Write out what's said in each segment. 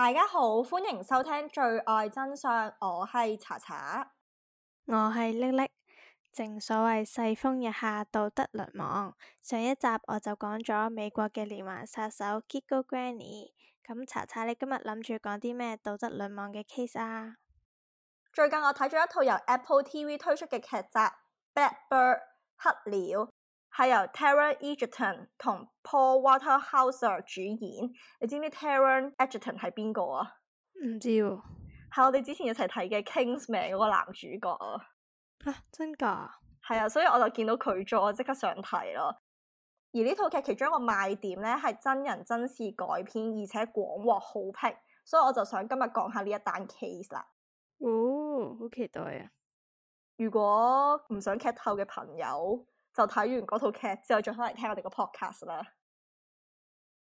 大家好，歡迎收聽《罪愛真相》，我係查查，我係叻叻。正所謂世風日下，道德淪亡。上一集我就講咗美國嘅連環殺手 Giggle Granny。咁查查，你今日諗住講啲咩道德淪亡嘅 case 啊？最近我睇咗一套由 Apple TV 推出嘅劇集《Black Bird 黑鳥》。係由 Taron Egerton 同 Paul Waterhouse 主演，你知唔知 Taron Egerton 係邊個啊？唔知喎、啊，係我哋之前一齊睇嘅《Kingsman》嗰個男主角啊！啊真噶？係啊，所以我就見到佢咗，我即刻想睇咯。而呢套劇其中一個賣點咧係真人真事改編，而且廣獲好評，所以我就想今日講下呢一單 case 啦。哦，好期待啊！如果唔想劇透嘅朋友，就睇完嗰套劇之後，再返嚟聽我哋個 podcast 啦。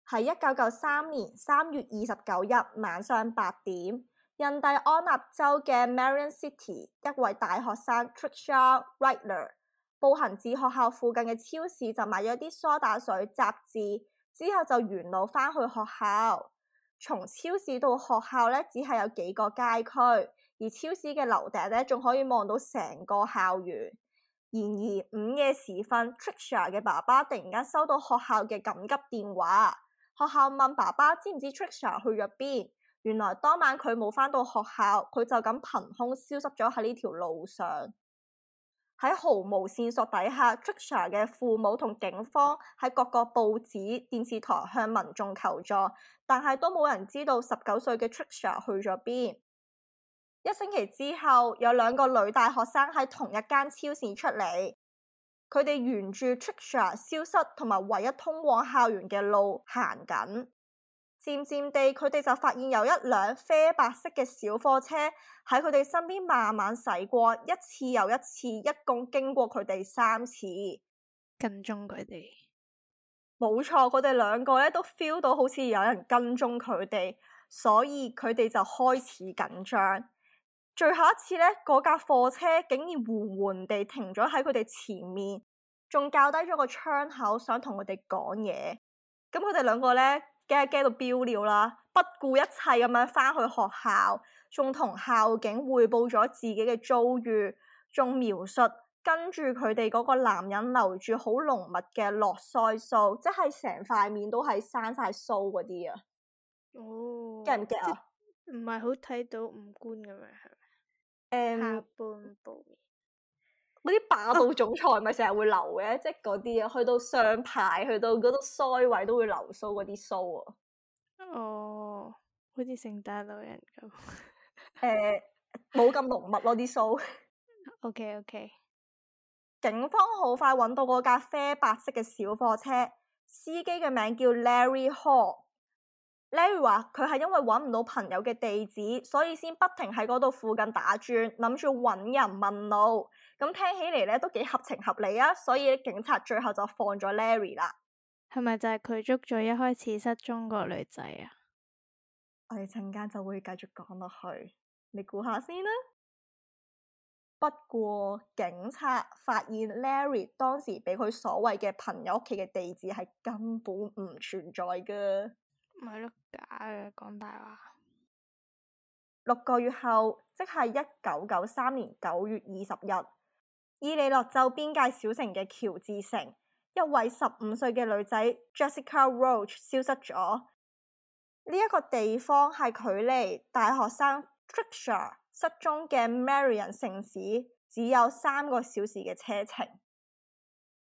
喺一九九三年三月二十九日晚上八點，印第安納州嘅 Marion City 一位大學生 Tricia Reitler 步行至學校附近嘅超市，就買咗啲梳打水、雜誌，之後就沿路返去學校。從超市到學校呢，只係有幾個街區，而超市嘅樓頂呢，仲可以望到成個校園。然而午夜時分，Trisha 嘅爸爸突然間收到學校嘅緊急電話，學校問爸爸知唔知 Trisha 去咗邊？原來當晚佢冇返到學校，佢就咁憑空消失咗喺呢條路上。喺毫無線索底下，Trisha 嘅父母同警方喺各個報紙、電視台向民眾求助，但係都冇人知道十九歲嘅 Trisha 去咗邊。一星期之後，有兩個女大學生喺同一間超市出嚟。佢哋沿住 Tricia 消失同埋唯一通往校園嘅路行緊。漸漸地，佢哋就發現有一輛啡白色嘅小貨車喺佢哋身邊慢慢駛過，一次又一次，一共經過佢哋三次。跟蹤佢哋？冇錯，佢哋兩個咧都 feel 到好似有人跟蹤佢哋，所以佢哋就開始緊張。最後一次咧，嗰架貨車竟然緩緩地停咗喺佢哋前面，仲較低咗個窗口想，想同佢哋講嘢。咁佢哋兩個咧，驚啊驚到飆尿啦，不顧一切咁樣返去學校，仲同校警匯報咗自己嘅遭遇，仲描述跟住佢哋嗰個男人留住好濃密嘅落腮鬚，即係成塊面都係生晒鬚嗰啲啊！哦，驚唔驚啊？唔係好睇到五官咁樣。半部嗰啲霸道總裁咪成日會留嘅，即係嗰啲啊，去到上排去到嗰度腮位都會留鬚嗰啲鬚啊。哦，好似聖誕老人咁。誒、 欸，冇咁濃密咯啲鬚。OK，OK。 Okay, okay. 警方好快揾到嗰架啡白色嘅小貨車，司機嘅名叫 Larry Hall。Larry 話佢係因為揾唔到朋友嘅地址，所以先不停喺嗰度附近打轉，諗住揾人問路。咁聽起嚟咧都幾合情合理啊，所以警察最後就放咗 Larry 啦。係咪就係佢捉咗一開始失蹤個女仔啊？我哋陣間就會繼續講落去，你估下先啦。不過警察發現 Larry 當時俾佢所謂嘅朋友屋企嘅地址係根本唔存在㗎。唔係咯，假嘅，講大話。六個月後，即係一九九三年九月二十日，伊利諾州邊界小城嘅喬治城，一位十五歲嘅女仔 Jessica Roach 消失咗。呢、這、一個地方係距離大學生 Tricia 失蹤嘅 Marion 城市只有三個小時嘅車程。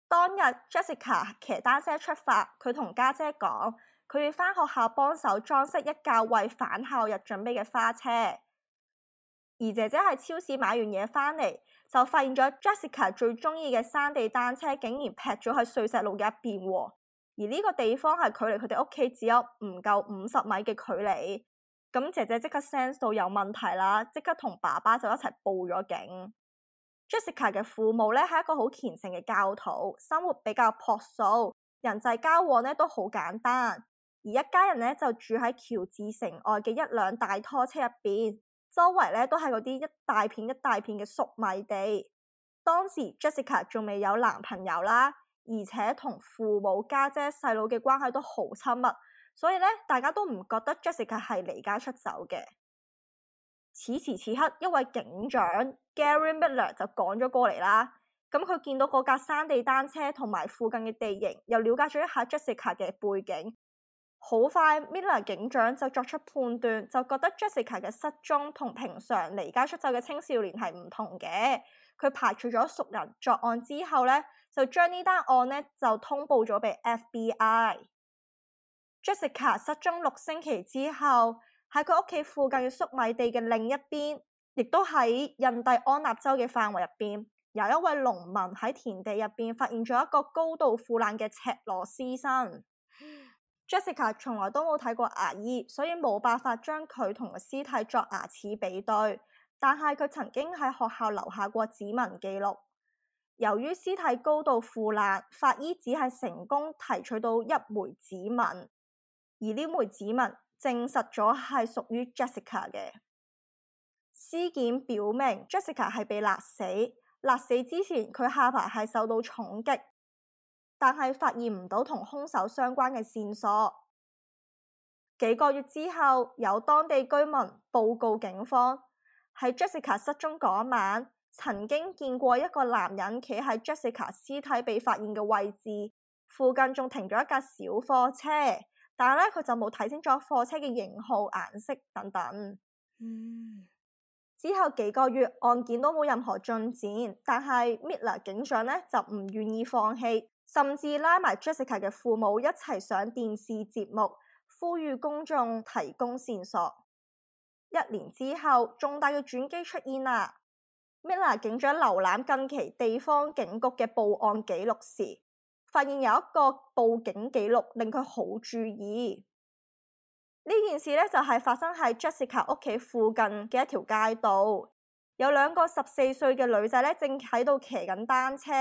當日 Jessica 騎單車出發，佢同家姐講。佢要返學校幫手裝飾一架為返校日準備嘅花車，而姐姐喺超市買完嘢返嚟，就發現咗 Jessica 最中意嘅山地單車竟然劈咗喺碎石路嘅一邊，而呢個地方係距離佢哋屋企只有唔夠五十米嘅距離。咁姐姐即刻 sense 到有問題啦，即刻同爸爸就一齊報咗警。 Jessica 嘅父母咧係一個好虔誠嘅教徒，生活比較樸素，人際交往咧都好簡單。而一家人咧就住喺喬治城外嘅一輛大拖車入邊，周圍咧都係嗰啲一大片一大片嘅粟米地。當時 Jessica 仲未有男朋友啦，而且同父母、家姐、細佬嘅關係都好親密，所以咧大家都唔覺得 Jessica 係離家出走嘅。此時此刻，一位警長 Gary Miller 就趕咗過嚟啦。咁佢見到嗰架山地單車同埋附近嘅地形，又了解咗一下 Jessica 嘅背景。好快 Miller 警長就作出判斷，就覺得 Jessica 嘅失蹤同平常離家出走嘅青少年係唔同嘅。佢排除咗熟人作案之後呢就將呢單案呢就通報咗俾 FBI。 Jessica 失蹤六星期之後，喺佢屋企附近嘅粟米地嘅另一邊，亦都喺印第安納州嘅範圍入邊，有一位農民喺田地入邊發現咗一個高度腐爛嘅赤裸屍身。Jessica 從來都冇睇過牙醫，所以冇辦法將佢同個屍體作牙齒比對。但係佢曾經喺學校留下過指紋記錄。由於屍體高度腐爛，法醫只係成功提取到一枚指紋，而呢枚指紋證實咗係屬於 Jessica 嘅。屍檢表明 Jessica 係被勒死，勒死之前佢下巴係受到重擊。但係發現唔到同凶手相關嘅線索。幾個月之後，有當地居民報告警方，喺 Jessica 失蹤嗰晚，曾經見過一個男人企喺 Jessica 屍體被發現嘅位置附近，仲停咗一架小貨車，但係呢，佢就冇睇清楚貨車嘅型號、顏色等等。嗯、之後幾個月案件都冇任何進展，但係 Miller 警長呢，就唔願意放棄。甚至拉埋 Jessica 嘅父母一齊上電視節目，呼籲公眾提供線索。一年之後，重大嘅轉機出現啦！Mila 警長瀏覽近期地方警局嘅報案記錄時，發現有一個報警記錄令佢好注意。呢件事呢，就係發生喺 Jessica 屋企附近嘅一條街道。有兩個十四歲嘅女仔呢，正喺度騎緊單車。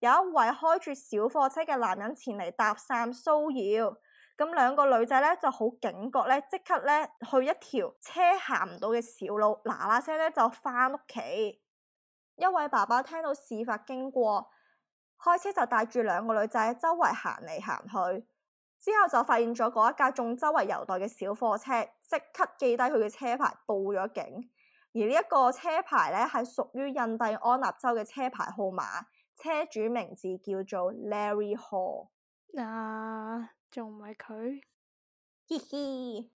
有一位開住小貨車嘅男人前嚟搭訕騷擾，咁兩個女仔咧就好警覺咧，即刻咧去一條車行唔到嘅小路，嗱嗱聲咧就返屋企。一位爸爸聽到事發經過，開車就帶住兩個女仔周圍行嚟行去，之後就發現咗嗰一架仲周圍遊蕩嘅小貨車，即刻記低佢嘅車牌報咗警。而呢一個車牌咧係屬於印第安納州嘅車牌號碼。車主名字叫做 Larry Hall。嗱，仲唔係佢？嘻嘻。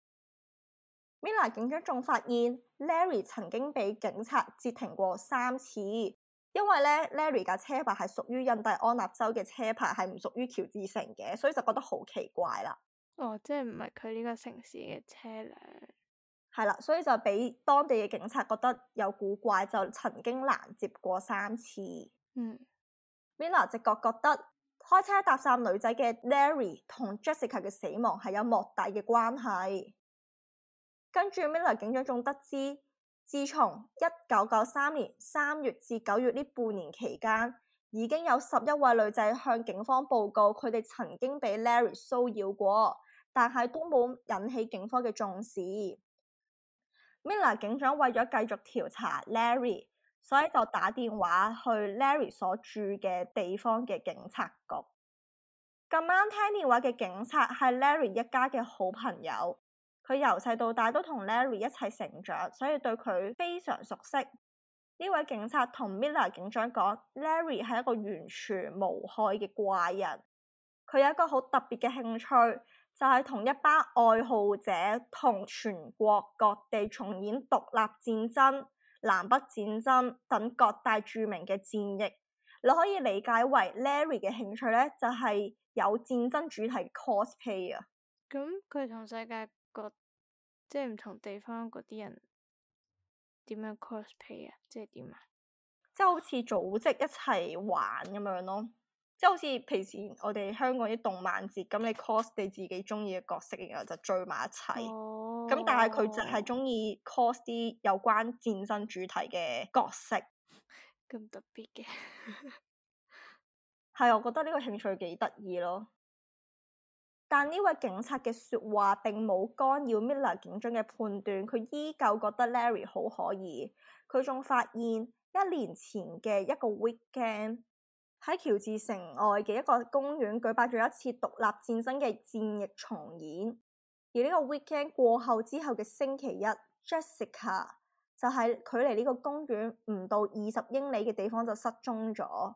Mila 警長仲發現，Larry 曾經俾警察截停過三次，因為咧，Larry 架車牌係屬於印第安納州嘅車牌，係唔屬於喬治城嘅，所以就覺得好奇怪啦。哦，即係唔係佢呢個城市嘅車輛？係啦，所以就俾當地嘅警察覺得有古怪，就曾經攔截過三次。嗯。Miller 直覺覺得開車搭訕女仔嘅 Larry 同 Jessica 嘅死亡係有莫大嘅關係。跟住 Miller 警長仲得知，自從一九九三年三月至九月呢半年期間，已經有十一位女仔向警方報告佢哋曾經被 Larry 騷擾過，但係都冇引起警方嘅重視。Miller 警長為咗繼續調查 Larry。所以就打電話去 Larry 所住嘅地方嘅警察局。咁啱聽電話嘅警察係 Larry 一家嘅好朋友，佢由細到大都同 Larry 一齊成長，所以對佢非常熟悉。呢位警察同 Miller 警長講，Larry 係一個完全無害嘅怪人。佢有一個好特別嘅興趣，就係同一班愛好者同全國各地重演獨立戰爭。南北戰爭等各大著名嘅戰役，你可以理解為 Larry 嘅興趣咧，就係、是、有戰爭主題 cosplay 啊！咁佢同世界各即係唔同地方嗰啲人點樣 cosplay 啊？即係點啊？即係好似組織一齊玩咁樣咯～即係好似平時我哋香港啲動漫節咁，你 cos 你自己中意嘅角色，然後就聚埋一齊。咁、哦、但係佢淨係中意 cos 啲有關戰爭主題嘅角色。咁特別嘅，係 我覺得呢個興趣幾得意咯。但呢位警察嘅説話並冇干擾 Miller 警長嘅判斷，佢依舊覺得 Larry 好可疑。佢仲發現一年前嘅一個 weekend 喺喬治城外嘅一個公園舉辦咗一次獨立戰爭嘅戰役重演。而呢個 weekend 過後之後嘅星期一，Jessica 就喺距離呢個公園唔到二十英里嘅地方就失蹤咗，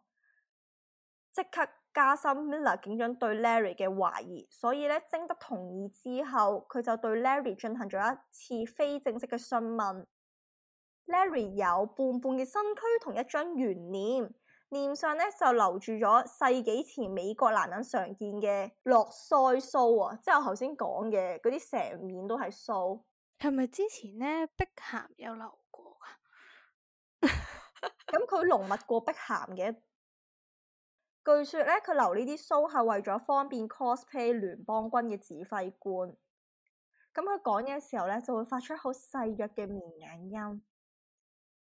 即刻加深 Miller 警長對 Larry 嘅懷疑，所以呢，徵得同意之後，佢就對 Larry 進行咗一次非正式嘅詢問。Larry 有胖胖嘅身軀同一張圓臉。面上咧就留住咗世紀前美國男人常見嘅落腮鬚啊，即係、就是、我頭先講嘅嗰啲成面都係鬚。係咪之前咧碧咸有留過㗎？咁佢濃密過碧咸嘅。據說咧，佢留呢啲鬚係為咗方便 cosplay 聯邦軍嘅指揮官。咁佢講嘢嘅時候咧，就會發出好細弱嘅綿眼音。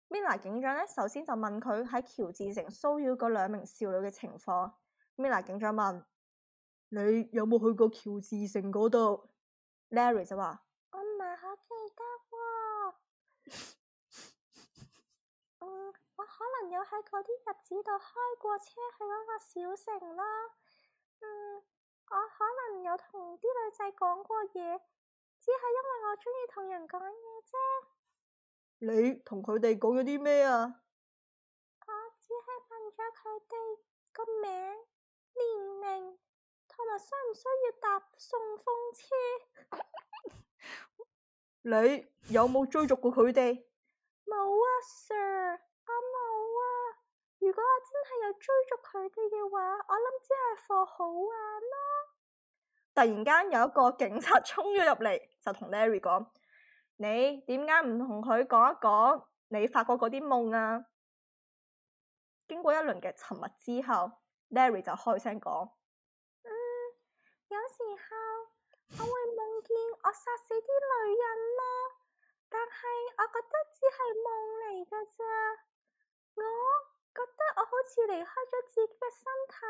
米娜警長咧，首先就問佢喺喬治城騷擾嗰兩名少女嘅情況。米娜警長問：你有冇去過喬治城嗰度？Larry 就話：我唔係好記得喎，哦 嗯。我可能有喺嗰啲日子度開過車去嗰個小城啦。嗯，我可能有同啲女仔講過嘢，只係因為我鍾意同人講嘢啫。你同佢哋講咗啲咩啊？我只係問咗佢哋個名、年齡，同埋需唔需要搭順風車。 你有冇追逐過佢哋？冇啊，Sir，我、啊、冇啊。如果我真係有追逐佢哋嘅話，我諗只係課好玩咯、啊。突然間有一個警察衝咗入嚟，就同 Larry 講。你點解唔同佢講一講你發過嗰啲夢啊？經過一輪嘅沉默之後，Larry 就開聲講：，嗯，有時候我會夢見我殺死啲女人咯，但係我覺得只係夢嚟噶咋。我覺得我好似離開咗自己嘅身體，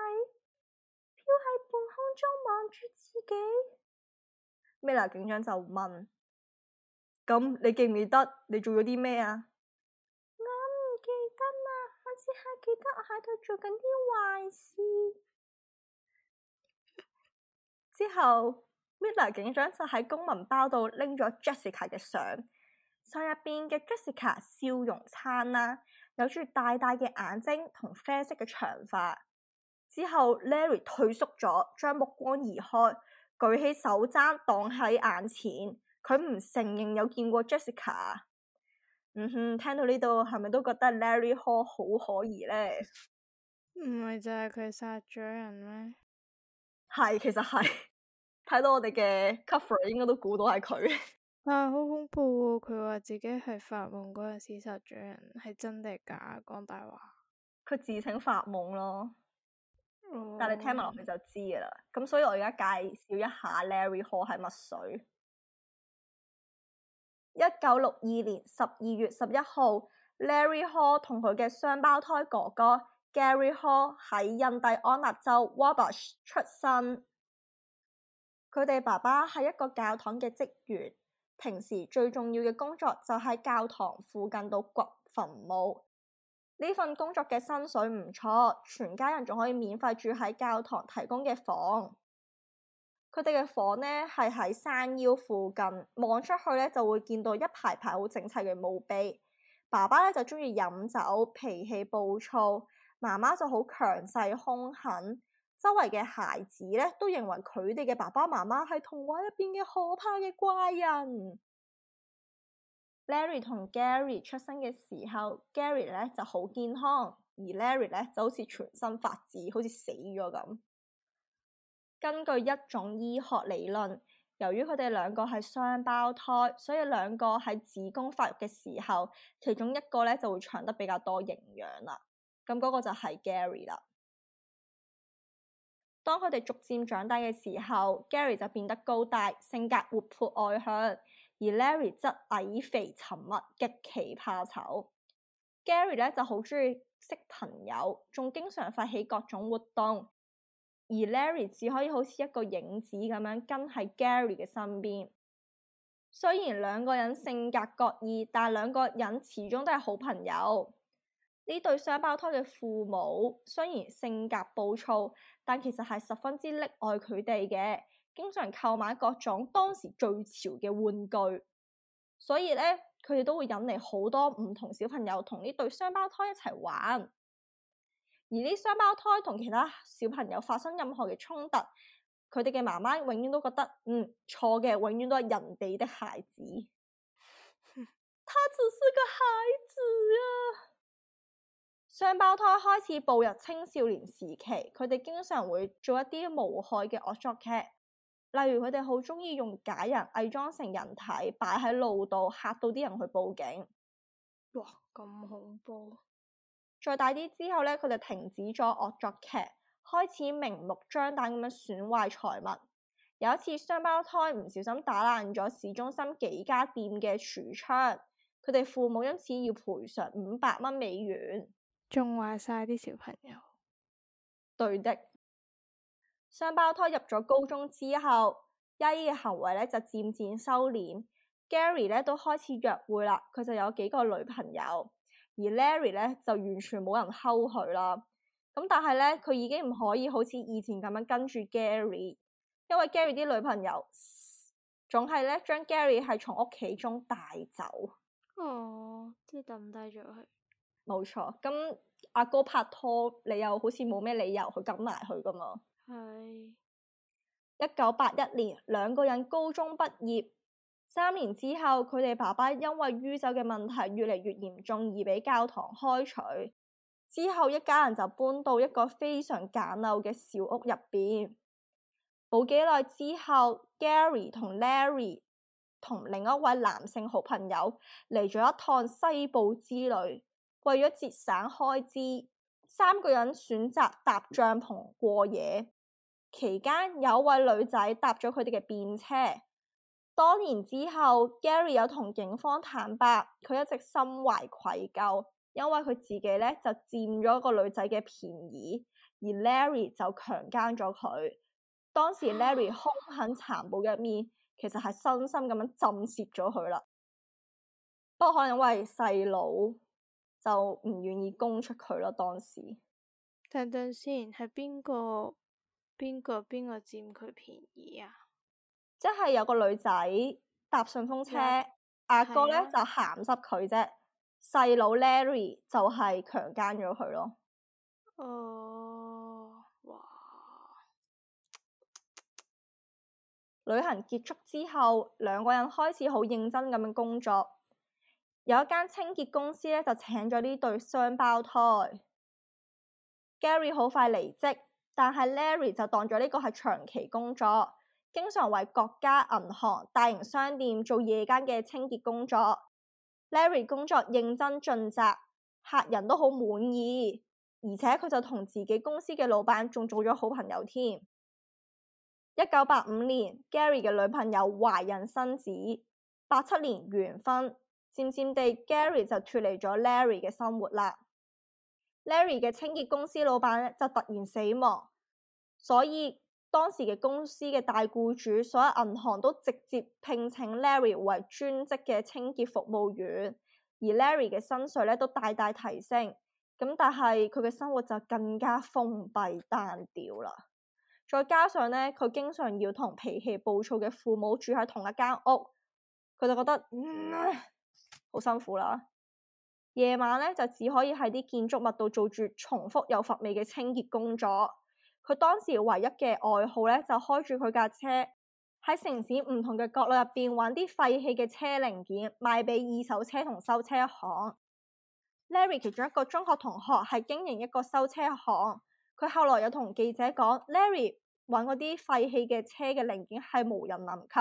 飄喺半空中望住自己。米拉警長就問。咁你、嗯、記唔記得你做咗啲咩啊？我唔記得啦，我只係記得我喺度做緊啲壞事之後，e r 警長就喺公文包度拎咗 Jessica 嘅相，相入邊嘅 Jessica 笑容燦爛，有住大大嘅眼睛同啡色嘅長髮。之後 Larry 退縮咗，將目光移開，舉起手踭擋喺眼前。佢唔承認有見過 Jessica，嗯哼，聽到呢度係咪都覺得 Larry Hall 好可疑咧？唔係就係佢殺咗人咩？係，其實係睇到我哋嘅 cover，ing, 應該都估到係佢。啊，好恐怖哦！佢話自己係發夢嗰陣時殺咗人，係真定假？講大話，佢自稱發夢咯。Oh. 但係聽埋落去就知噶啦。咁所以我而家介紹一下 Larry Hall 係乜水？一九六二年十二月十一號，Larry Hall 同佢嘅雙胞胎哥哥 Gary Hall 喺印第安納州 Wabash 出生。佢哋爸爸係一個教堂嘅職員，平時最重要嘅工作就喺教堂附近度掘墳墓。呢份工作嘅薪水唔錯，全家人仲可以免費住喺教堂提供嘅房。佢哋嘅房咧係喺山腰附近，望出去咧就會見到一排排好整齊嘅墓碑。爸爸咧就中意飲酒，脾氣暴躁；媽媽就好強勢兇狠。周圍嘅孩子咧都認為佢哋嘅爸爸媽媽係童話入邊嘅可怕嘅怪人。Larry 同 Gary 出生嘅時候，Gary 咧就好健康，而 Larry 咧就好似全身發紫，好似死咗咁。根據一種醫學理論，由於佢哋兩個係雙胞胎，所以兩個喺子宮發育嘅時候，其中一個咧就會長得比較多營養啦。咁、那、嗰個就係 Gary 啦。當佢哋逐漸長大嘅時候，Gary 就變得高大，性格活潑外向；而 Larry 則矮肥沉默，極其怕醜。Gary 咧就好鍾意識朋友，仲經常發起各種活動。而 Larry 只可以好似一個影子咁樣跟喺 Gary 嘅身邊。雖然兩個人性格各異，但兩個人始終都係好朋友。呢對雙胞胎嘅父母雖然性格暴躁，但其實係十分之溺愛佢哋嘅，經常購買各種當時最潮嘅玩具。所以咧，佢哋都會引嚟好多唔同小朋友同呢對雙胞胎一齊玩。而呢雙胞胎同其他小朋友發生任何嘅衝突，佢哋嘅媽媽永遠都覺得，嗯，錯嘅永遠都係人哋的孩子。他 只是個孩子啊！雙胞胎開始步入青少年時期，佢哋經常會做一啲無害嘅惡作劇，例如佢哋好鍾意用假人偽裝成人體擺喺路度，嚇到啲人去報警。哇！咁恐怖。再大啲之後呢，佢就停止咗惡作劇，開始明目張膽咁樣損壞財物。有一次，雙胞胎唔小心打爛咗市中心幾家店嘅櫥窗，佢哋父母因此要賠償五百蚊美元。縱壞晒啲小朋友。對的，雙胞胎入咗高中之後，曳嘅行為呢，就漸漸收斂。Gary 呢都開始約會啦，佢就有幾個女朋友。而 Larry 咧就完全冇人溝佢啦。咁但係咧，佢已經唔可以好似以前咁樣跟住 Gary，因為 Gary 啲女朋友總係咧將 Gary 係從屋企中帶走。哦，即係抌低咗佢。冇錯，咁阿哥，哥拍拖，你又好似冇咩理由，理由跟去跟埋佢噶嘛？係一九八一年，兩個人高中畢業。三年之後，佢哋爸爸因為酗酒嘅問題越嚟越嚴重而俾教堂開除。之後，一家人就搬到一個非常簡陋嘅小屋入邊。冇幾耐之後，Gary 同 Larry 同另一位男性好朋友嚟咗一趟西部之旅。為咗節省開支，三個人選擇搭帳篷過夜。期間有位女仔搭咗佢哋嘅便車。多年之後，Gary 有同警方坦白，佢一直心懷愧疚，因為佢自己咧就佔咗個女仔嘅便宜，而 Larry 就強姦咗佢。當時 Larry 兇狠殘暴嘅一面，其實係深深咁樣震懾咗佢啦。不過可能因為細佬就唔願意供出佢咯，當時。等等先，係邊個？邊個？邊個佔佢便宜啊？即係有個女仔搭順風車，阿哥咧就鹹濕佢啫。細佬 Larry 就係強姦咗佢咯。哦，uh, 哇！嘖嘖嘖嘖嘖。旅行結束之後，兩個人開始好認真咁樣工作。有一間清潔公司咧，就請咗呢對雙胞胎。Gary 好快離職，但係 Larry 就當咗呢個係長期工作。經常為各家銀行、大型商店做夜間嘅清潔工作。Larry 工作認真盡責，客人都好滿意，而且佢就同自己公司嘅老闆仲做咗好朋友添。一九八五年，Gary 嘅女朋友懷孕生子，八七年完婚。漸漸地，Gary 就脫離咗 Larry 嘅生活啦。Larry 嘅清潔公司老闆就突然死亡，所以。當時嘅公司嘅大雇主，所有銀行都直接聘請 Larry 為專職嘅清潔服務員，而 Larry 嘅薪水咧都大大提升。咁但係佢嘅生活就更加封閉單調啦。再加上咧，佢經常要同脾氣暴躁嘅父母住喺同一間屋，佢就覺得嗯，好辛苦啦。夜晚咧就只可以喺啲建築物度做住重複又乏味嘅清潔工作。佢當時唯一嘅愛好咧，就開住佢架車喺城市唔同嘅角落入邊揾啲廢棄嘅車零件賣俾二手車同修車行。Larry 其中一個中學同學係經營一個修車行，佢後來又同記者講，Larry 揾嗰啲廢棄嘅車嘅零件係無人能及。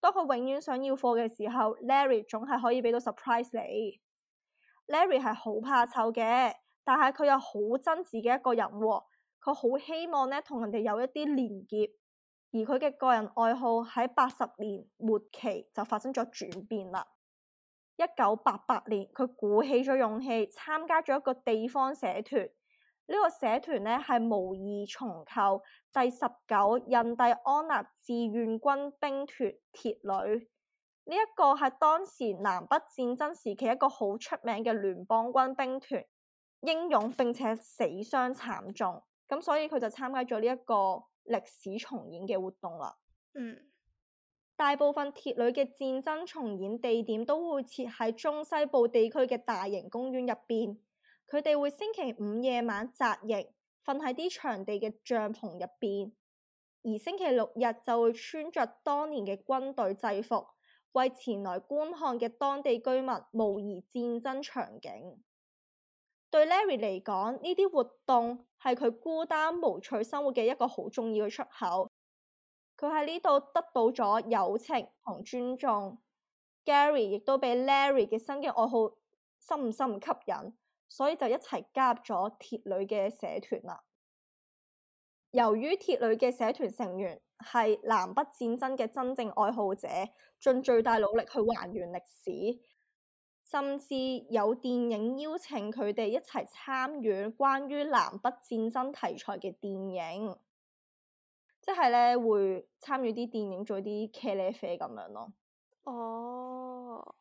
當佢永遠想要貨嘅時候，Larry 總係可以俾到 surprise 你。Larry 係好怕醜嘅，但係佢又好憎自己一個人喎。佢好希望咧，同人哋有一啲連結，而佢嘅個人愛好喺八十年末期就發生咗轉變啦。一九八八年，佢鼓起咗勇氣參加咗一個地方社團，呢、這個社團呢係模擬重構第十九印第安納志願軍兵團鐵旅，呢一個係當時南北戰爭時期一個好出名嘅聯邦軍兵團，英勇並且死傷慘重。咁所以佢就參加咗呢一個歷史重演嘅活動啦。嗯，大部分鐵旅嘅戰爭重演地點都會設喺中西部地區嘅大型公園入邊。佢哋會星期五夜晚紮營，瞓喺啲場地嘅帳篷入邊，而星期六日就會穿着當年嘅軍隊制服，為前來觀看嘅當地居民模擬戰爭場景。對 Larry 嚟講，呢啲活動係佢孤單無趣生活嘅一個好重要嘅出口。佢喺呢度得到咗友情同尊重。Gary 亦都俾 Larry 嘅新嘅愛好深深吸引，所以就一齊加入咗鐵旅嘅社團啦。由於鐵旅嘅社團成員係南北戰爭嘅真正愛好者，盡最大努力去還原歷史。甚至有電影邀請佢哋一齊參與關於南北戰爭題材嘅電影，即係咧會參與啲電影做啲茄喱啡咁樣咯。哦，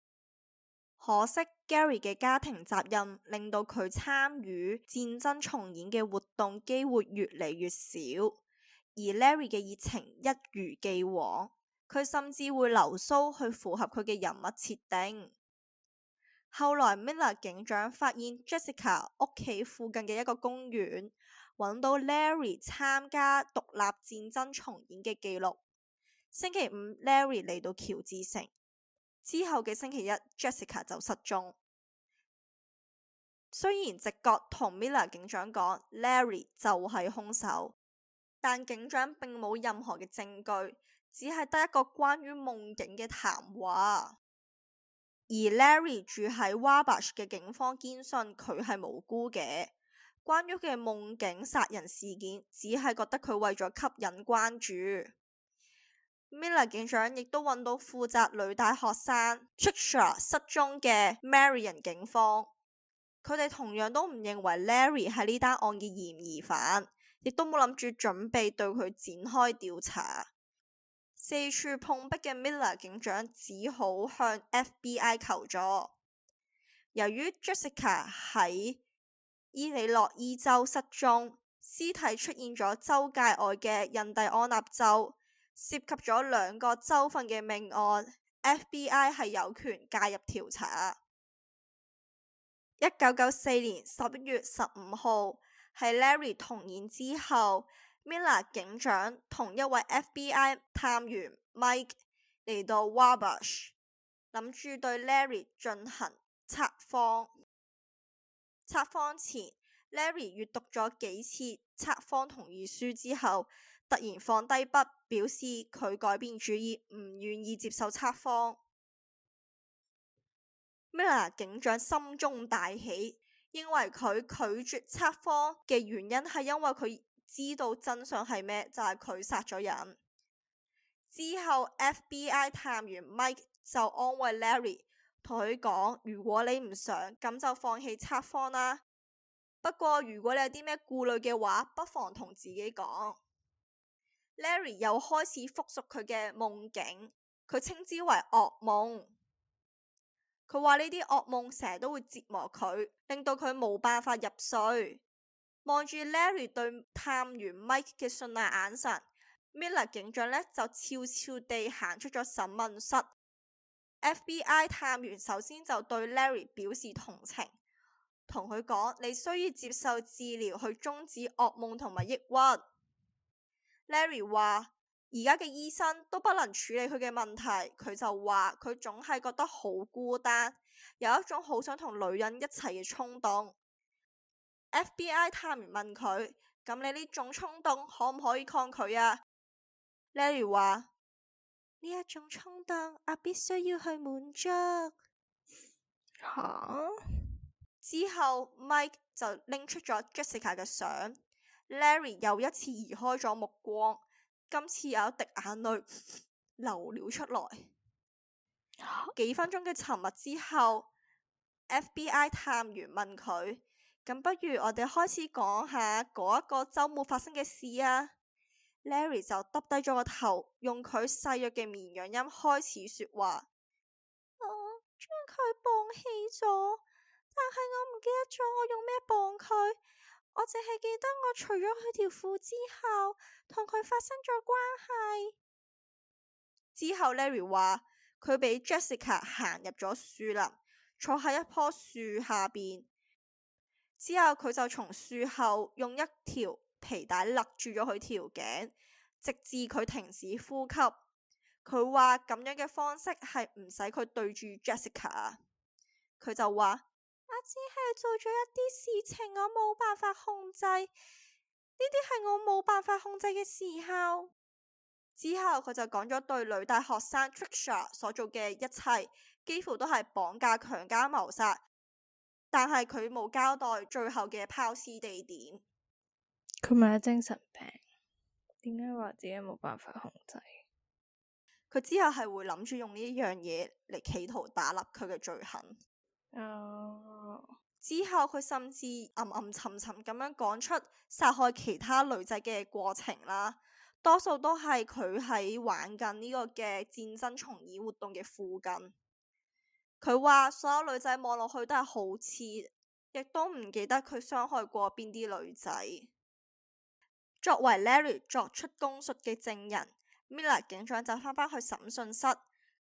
可惜 Gary 嘅家庭責任令到佢參與戰爭重演嘅活動機會越嚟越少，而 Larry 嘅熱情一如既往，佢甚至會留鬚去符合佢嘅人物設定。後來，米勒警長發現 Jessica 屋企附近嘅一個公園，揾到 Larry 參加獨立戰爭重演嘅記錄。星期五，Larry 嚟到喬治城，之後嘅星期一，Jessica 就失蹤。雖然直覺同米勒警長講，Larry 就係兇手，但警長並冇任何嘅證據，只係得一個關於夢境嘅談話。而 Larry 住喺 Wabash 嘅警方堅信佢係無辜嘅，關於佢嘅夢境殺人事件，只係覺得佢為咗吸引關注。Miller 警長亦都揾到負責女大學生 Trisha 失蹤嘅 Marian 警方，佢哋同樣都唔認為 Larry 係呢單案嘅嫌疑犯，亦都冇諗住準備對佢展開調查。四處碰壁嘅 Miller 警長只好向 FBI 求助。由於 Jessica 喺伊利諾伊州失蹤，屍體出現咗州界外嘅印第安納州，涉及咗兩個州份嘅命案，FBI 係有權介入調查。一九九四年十一月十五號，喺 Larry 同演之後。Mela 警長同一位 FBI 探員 Mike 嚟到 Wabash，諗住對 Larry 進行測謊。測謊前，Larry 閱讀咗幾次測謊同意書之後，突然放低筆，表示佢改變主意，唔願意接受測謊。Mela 警長心中大喜，因為佢拒絕測謊嘅原因係因為佢。知道真相係咩？就係佢殺咗人之後，FBI 探員 Mike 就安慰 Larry，同佢講：如果你唔想，咁就放棄測謊啦。不過如果你有啲咩顧慮嘅話，不妨同自己講。Larry 又開始復述佢嘅夢境，佢稱之為噩夢。佢話呢啲噩夢成日都會折磨佢，令到佢冇辦法入睡。望住 Larry 對探員 Mike 嘅信賴眼神，Miller 警長呢就悄悄地行出咗審問室。FBI 探員首先就對 Larry 表示同情，同佢講：你需要接受治療去終止噩夢同埋抑鬱。Larry 話：而家嘅醫生都不能處理佢嘅問題。佢就話：佢總係覺得好孤單，有一種好想同女人一齊嘅衝動。FBI 探員問佢：咁你呢種衝動可唔可以抗拒啊？Larry 話：呢一種衝動我、啊、必須要去滿足。吓蛤！之後 Mike 就拎出咗 Jessica 嘅相，Larry 又一次移開咗目光，今次有一滴眼淚流了出來。蛤幾分鐘嘅沉默之後，FBI 探員問佢。咁不如我哋開始講下嗰一個周末發生嘅事啊。Larry 就耷低咗個頭，用佢細弱嘅綿羊音開始說話。我將佢綁起咗，但係我唔記得咗我用咩綁佢。我淨係記得我除咗佢條褲之後，同佢發生咗關係。之後 Larry 話佢俾 Jessica 行入咗樹林，坐喺一棵樹下邊。之後佢就從樹後用一條皮帶勒住咗佢條頸，直至佢停止呼吸。佢話咁樣嘅方式係唔使佢對住 Jessica。佢就話：我只係做咗一啲事情，我冇辦法控制。呢啲係我冇辦法控制嘅時候。之後佢就講咗對女大學生 Trisha 所做嘅一切，幾乎都係綁架、強姦、謀殺。但係佢冇交代最後嘅拋屍地點。佢咪有精神病？點解話自己冇辦法控制？佢之後係會諗住用呢一樣嘢嚟企圖打甩佢嘅罪行。Oh. 之後佢甚至吟吟沉沉咁樣講出殺害其他女仔嘅過程啦，多數都係佢喺玩緊呢個嘅戰爭重演活動嘅附近。佢話：所有女仔望落去都係好似，亦都唔記得佢傷害過邊啲女仔。作為 Larry 作出供述嘅證人，Miller 警長就翻返去審訊室，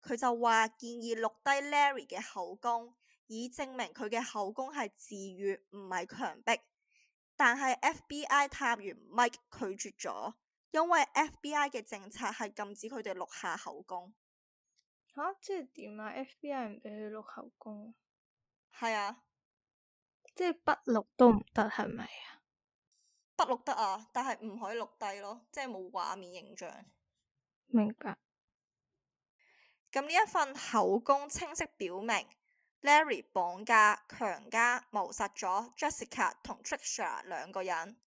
佢就話建議錄低 Larry 嘅口供，以證明佢嘅口供係自願，唔係強迫。但係 FBI 探員 Mike 拒絕咗，因為 FBI 嘅政策係禁止佢哋錄下口供。吓、啊，即係點啊？FBI 唔畀佢錄口供，係啊，即係筆錄都唔得，係咪啊？筆錄得啊，但係唔可以錄低咯，即係冇畫面形象。明白。咁呢一份口供清晰表明，Larry 綁架、強姦、謀殺咗 Jessica 同 Trisha 兩個人，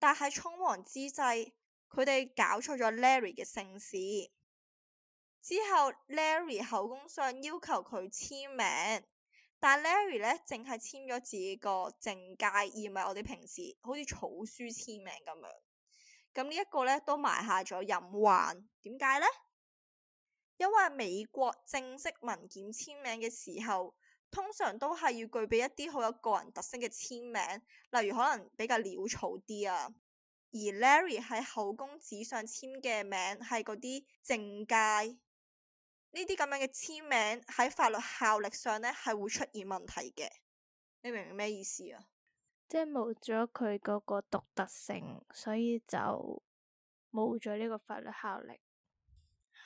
但係倉皇之際，佢哋搞錯咗 Larry 嘅姓氏。之後 Larry 口供上要求佢簽名，但 Larry 咧，淨係簽咗自己個正楷，而唔係我哋平時好似草書簽名咁樣。咁呢一個咧都埋下咗隱患，點解呢？因為美國正式文件簽名嘅時候，通常都係要具備一啲好有個人特色嘅簽名，例如可能比較潦草啲啊。而 Larry 喺口供紙上簽嘅名係嗰啲正楷。呢啲咁樣嘅簽名喺法律效力上呢，係會出現問題嘅，你明唔明咩意思啊？即係冇咗佢個個獨特性，所以就冇咗呢個法律效力。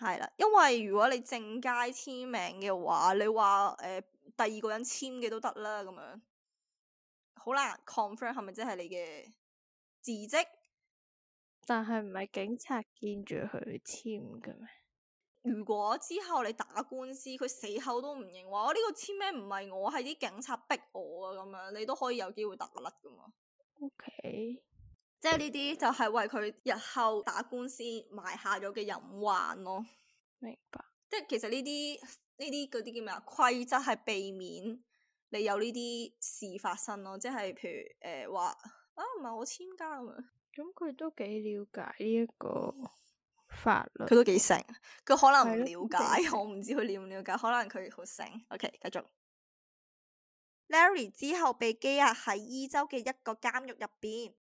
係啦，因為如果你正楷簽名嘅話，你話，誒、呃、第二個人簽嘅都得啦，咁樣好難 confirm 係咪即係你嘅字跡？但係唔係警察見住佢簽嘅咩？如果之後你打官司，佢死口都唔認話，我呢、這個簽名唔係我，係啲警察逼我啊咁樣，你都可以有機會打甩㗎嘛。O Okay . K，即係呢啲就係為佢日後打官司埋下咗嘅隱患咯。明白。即係其實呢啲呢啲嗰啲叫咩啊？些些規則係避免你有呢啲事發生咯。即係譬如誒話、呃、啊唔係我簽㗎咁樣。咁佢、嗯、都幾了解呢、這、一個。佢都幾醒，佢可能唔了解，的我唔知佢了唔了解，的可能佢好醒，醒。OK，繼續。Larry 之後被羈押喺伊州嘅一個監獄入邊。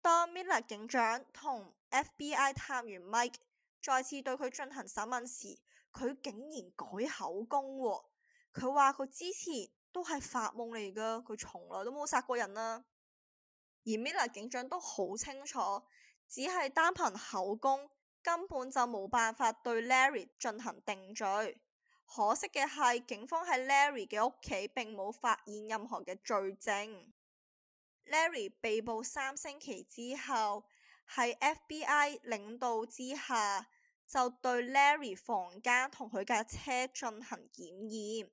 當 Miller 警長同 FBI 探員 Mike 再次對佢進行審問時，佢竟然改口供、哦。佢話佢之前都係發夢嚟噶，佢從來都冇殺過人啦、啊。而 Miller 警長都好清楚，只係單憑口供。根本就冇辦法對 Larry 進行定罪。可惜嘅係，警方喺 Larry 嘅屋企並冇發現任何嘅罪證。Larry 被捕三星期之後，喺 FBI 領導之下，就對 Larry 房間同佢架車進行檢驗。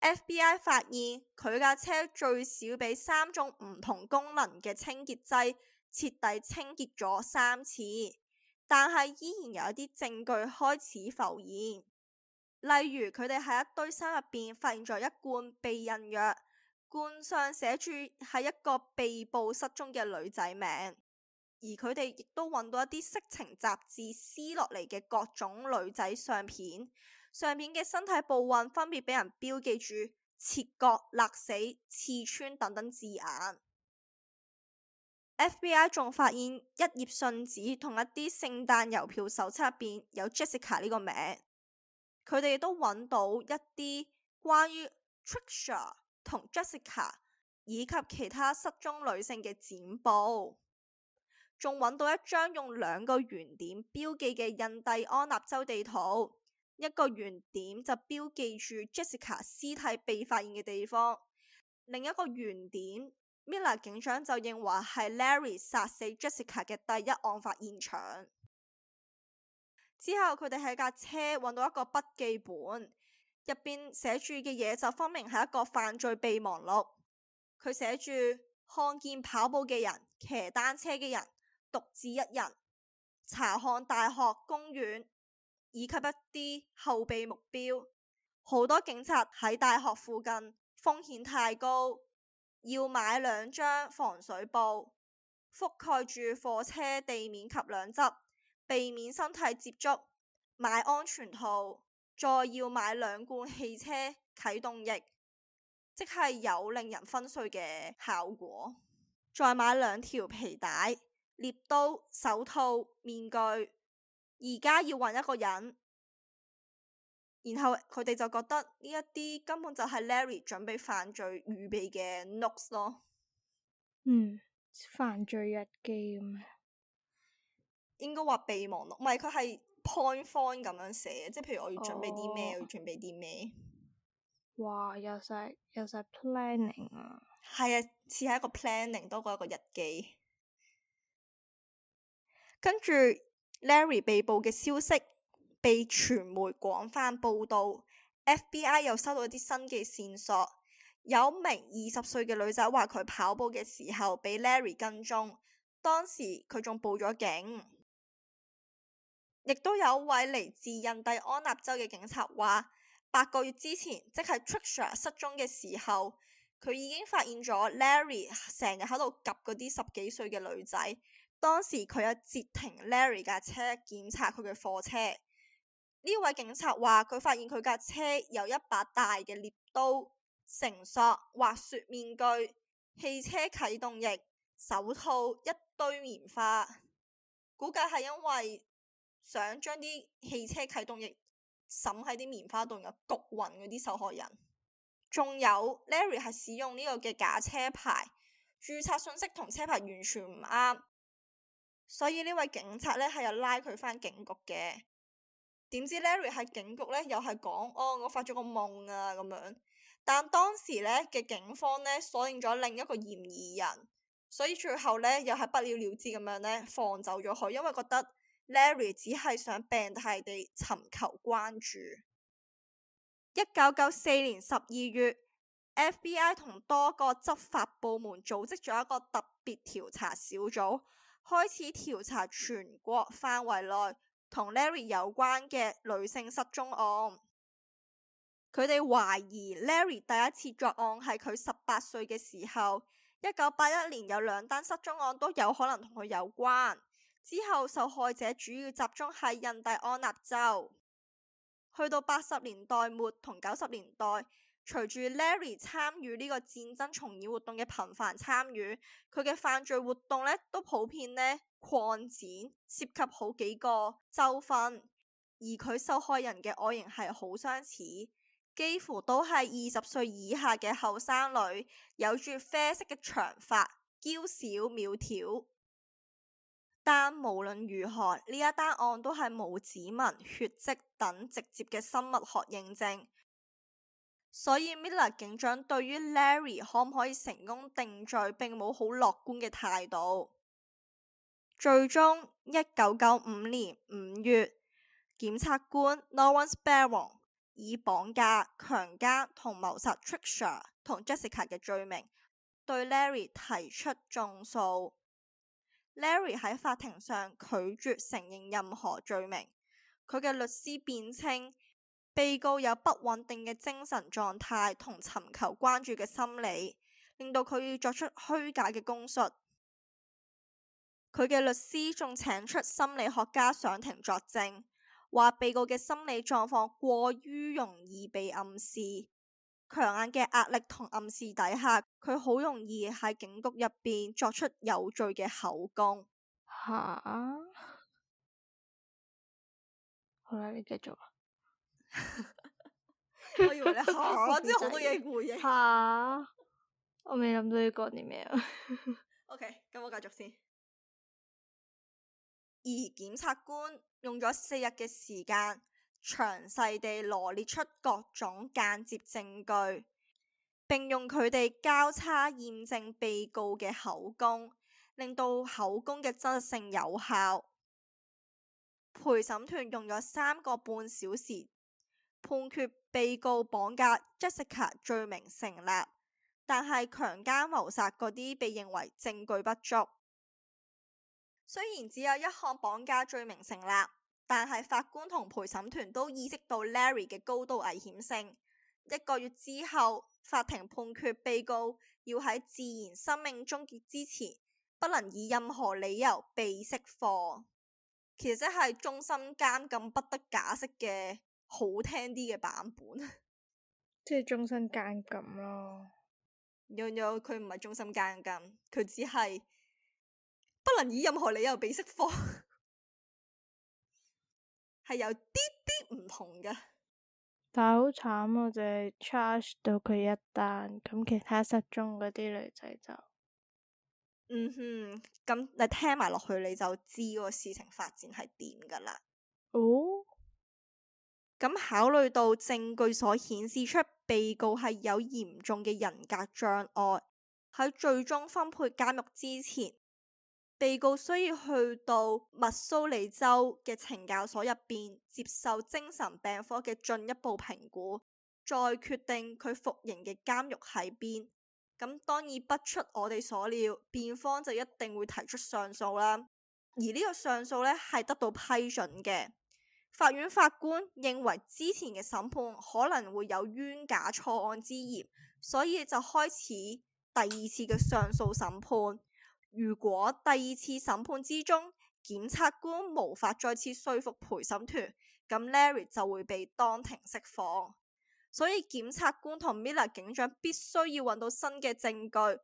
FBI 發現佢架車最少俾三種唔同功能嘅清潔劑徹底清潔咗三次。但係依然有一啲證據開始浮現，例如佢哋喺一堆衫入邊發現咗一罐避孕藥，罐上寫住係一個被捕失蹤嘅女仔名，而佢哋亦都揾到一啲色情雜誌撕落嚟嘅各種女仔相片，相片嘅身體部分分別俾人標記住切割、勒死、刺穿等等字眼。FBI 仲發現一頁信紙同一啲聖誕郵票手冊入邊有 Jessica 呢個名，佢哋都揾到一啲關於 Tricia 同 Jessica 以及其他失蹤女性嘅剪報，仲揾到一張用兩個圓點標記嘅印第安納州地圖，一個圓點就標記住 Jessica 屍體被發現嘅地方，另一個圓點。米勒警長就認為係 Larry 殺死 Jessica 嘅第一案發現場。之後佢哋喺架車揾到一個筆記本，入邊寫住嘅嘢就分明係一個犯罪備忘錄。佢寫住看見跑步嘅人、騎單車嘅人、獨自一人、查看大學公園以及一啲後備目標。好多警察喺大學附近，風險太高。要買兩張防水布，覆蓋住貨車地面及兩側，避免身體接觸。買安全套，再要買兩罐汽車啟動液，即係有令人昏睡嘅效果。再買兩條皮帶、獵刀、手套、面具。而家要搵一個人。然後佢哋就覺得呢一啲根本就係 Larry 準備犯罪預備嘅 notes 咯。嗯，犯罪日記咁樣。應該話備忘錄，唔係佢係 point form 咁樣寫，即係譬如我要準備啲咩，哦、我要準備啲咩。哇！又晒又晒 planning 啊！係啊，似係一個 planning 多過一個日記。跟住 Larry 被捕嘅消息被傳媒廣泛報道，FBI 又收到一啲新嘅線索。有名二十歲嘅女仔話，佢跑步嘅時候畀 Larry 跟蹤，當時佢仲報咗警。亦都有位嚟自印第安納州嘅警察話，八個月之前，即係 Trisha 失蹤嘅時候，佢已經發現咗 Larry 成日喺度夾嗰啲十幾歲嘅女仔。當時佢有截停 Larry 架車檢查佢嘅貨車。呢位警察話佢發現佢架車有一把大嘅獵刀、繩索、滑雪面具、汽車啟動液、手套、一堆棉花，估計係因為想將啲汽車啟動液滲喺啲棉花度，然後焗暈嗰啲受害人。仲有 Larry 係使用呢個嘅假車牌，注冊信息同車牌完全唔啱，所以呢位警察呢係有拉佢返警局嘅。點知 Larry 喺警局咧，又係講：哦，我發咗個夢啊咁樣。但當時咧嘅警方咧鎖定咗另一個嫌疑人，所以最後咧又係不了了之咁樣咧放走咗佢，因為覺得 Larry 只係想病態地尋求關注。一九九四年十二月，FBI 同多個執法部門組織咗一個特別調查小組，開始調查全國範圍內。同 Larry 有關嘅女性失蹤案，佢哋懷疑 Larry 第一次作案係佢十八歲嘅時候。一九八一年有兩單失蹤案都有可能同佢有關。之後受害者主要集中喺印第安納州。去到八十年代末同九十年代。隨住 Larry 參與呢個戰爭重演活動嘅頻繁參與，佢嘅犯罪活動呢都普遍呢擴展，涉及好幾個州份。而佢受害人嘅外形係好相似，幾乎都係二十歲以下嘅後生女，有住啡色嘅長髮，嬌小苗條。但無論如何，呢一單案都係冇指紋、血跡等直接嘅生物學認證。所以 Miller 警長對於 Larry 可唔可以成功定罪，並冇好樂觀嘅態度。最終，一九九五年五月，檢察官 Noah Sparrow 以綁架、強姦同謀殺 Tricia 同 Jessica 嘅罪名對 Larry 提出控訴。Larry 喺法庭上拒絕承認任何罪名，佢嘅律師辯稱。被告有不穩定嘅精神狀態同尋求關注嘅心理，令到佢要作出虛假嘅供述。佢嘅律師仲請出心理學家上庭作證，話被告嘅心理狀況過於容易被暗示。強硬嘅壓力同暗示底下，佢好容易喺警局入邊作出有罪嘅口供。嚇，好啦，你繼續。 我以為你吓，反正好 多嘢回應吓，我未諗到要講啲咩啊。O K，咁我繼續先。而檢察官用咗四日嘅時間，詳細地羅列出各種間接證據，並用佢哋交叉驗證被告嘅口供，令到口供嘅真實性有效。陪審團用咗三個半小時。判決被告綁架 Jessica 罪名成立，但係強姦謀殺嗰啲被認為證據不足。雖然只有一項綁架罪名成立，但係法官同陪審團都意識到 Larry 嘅高度危險性。一個月之後，法庭判決被告要喺自然生命終結之前，不能以任何理由被釋放。其實真係終身監禁不得假釋嘅。好聽啲嘅版本，即係終身監禁咯。有有，佢唔係終身監禁，佢只係不能以任何理由俾釋放， 係有啲啲唔同嘅。但係好慘啊，就係 charge 到佢一單，咁其他失蹤嗰啲女仔就嗯哼，咁你聽埋落去你就知嗰個事情發展係點噶啦。哦。咁考慮到證據所顯示出被告係有嚴重嘅人格障礙，喺最終分配監獄之前，被告需要去到密蘇里州嘅懲教所入邊接受精神病科嘅進一步評估，再決定佢服刑嘅監獄喺邊。咁當然不出我哋所料，辯方就一定會提出上訴啦。而呢個上訴呢，係得到批准嘅。法院法官認為之前嘅審判可能會有冤假錯案之嫌，所以就開始第二次嘅上訴審判。如果第二次審判之中，檢察官無法再次說服陪審團，咁 Larry 就會被當庭釋放。所以檢察官同 Miller 警長必須要揾到新嘅證據，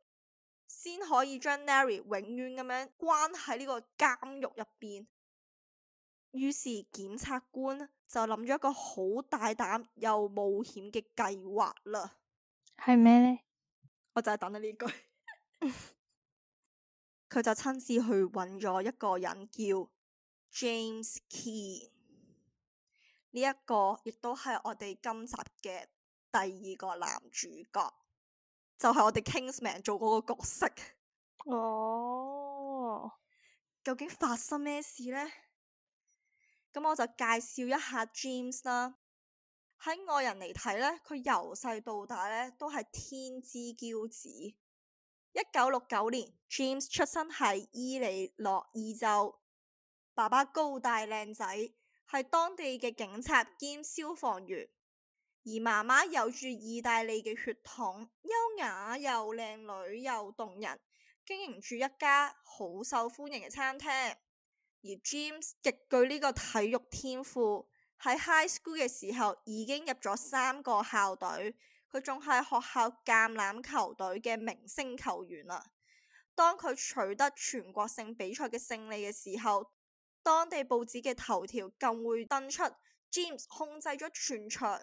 先可以將 Larry 永遠咁樣關喺呢個監獄入邊。於是檢察官就諗咗一個好大膽又冒險嘅計劃啦。係咩呢？我就係等呢句。 佢就親自去揾咗一個人叫 James Keene，呢一個亦都係我哋今集嘅第二個男主角，就係我哋 Kingsman 做嗰個角色。哦，究竟發生咩事呢？咁我就介紹一下 James 啦。喺外人嚟睇呢，佢由細到大呢都係天之驕子。一九六九年，James 出生喺伊利諾州。爸爸高大靚仔，係當地嘅警察兼消防員。而媽媽有住意大利嘅血統，優雅又靚女又動人，經營住一家好受歡迎嘅餐廳。而 James 極具呢個體育天賦，喺 High School 嘅時候已經入咗三個校隊，佢仲係學校橄欖球隊嘅明星球員啦。當佢取得全國性比賽嘅勝利嘅時候，當地報紙嘅頭條更會登出 James 控制咗全場，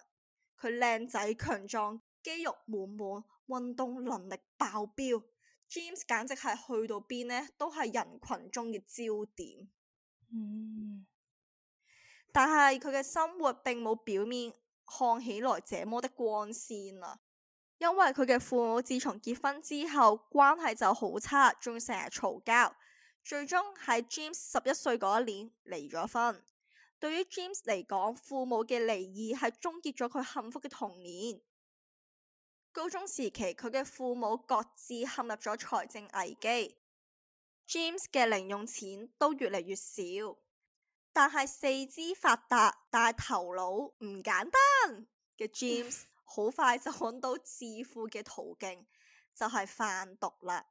佢靚仔強壯，肌肉滿滿，運動能力爆表。James 簡直係去到邊呢，都係人群中嘅焦點。嗯，但係佢嘅生活並冇表面看起來這麼的光鮮啦，因為佢嘅父母自從結婚之後關係就好差，仲成日嘈交，最終喺 James 十一歲嗰一年離咗婚。對於 James 嚟講，父母嘅離異係終結咗佢幸福嘅童年。高中時期，佢嘅父母各自陷入咗財政危機。James 嘅零用錢都越嚟越少，但係四肢發達但係頭腦唔簡單嘅 James 好快就揾到致富嘅途徑，就係、是、販毒啦。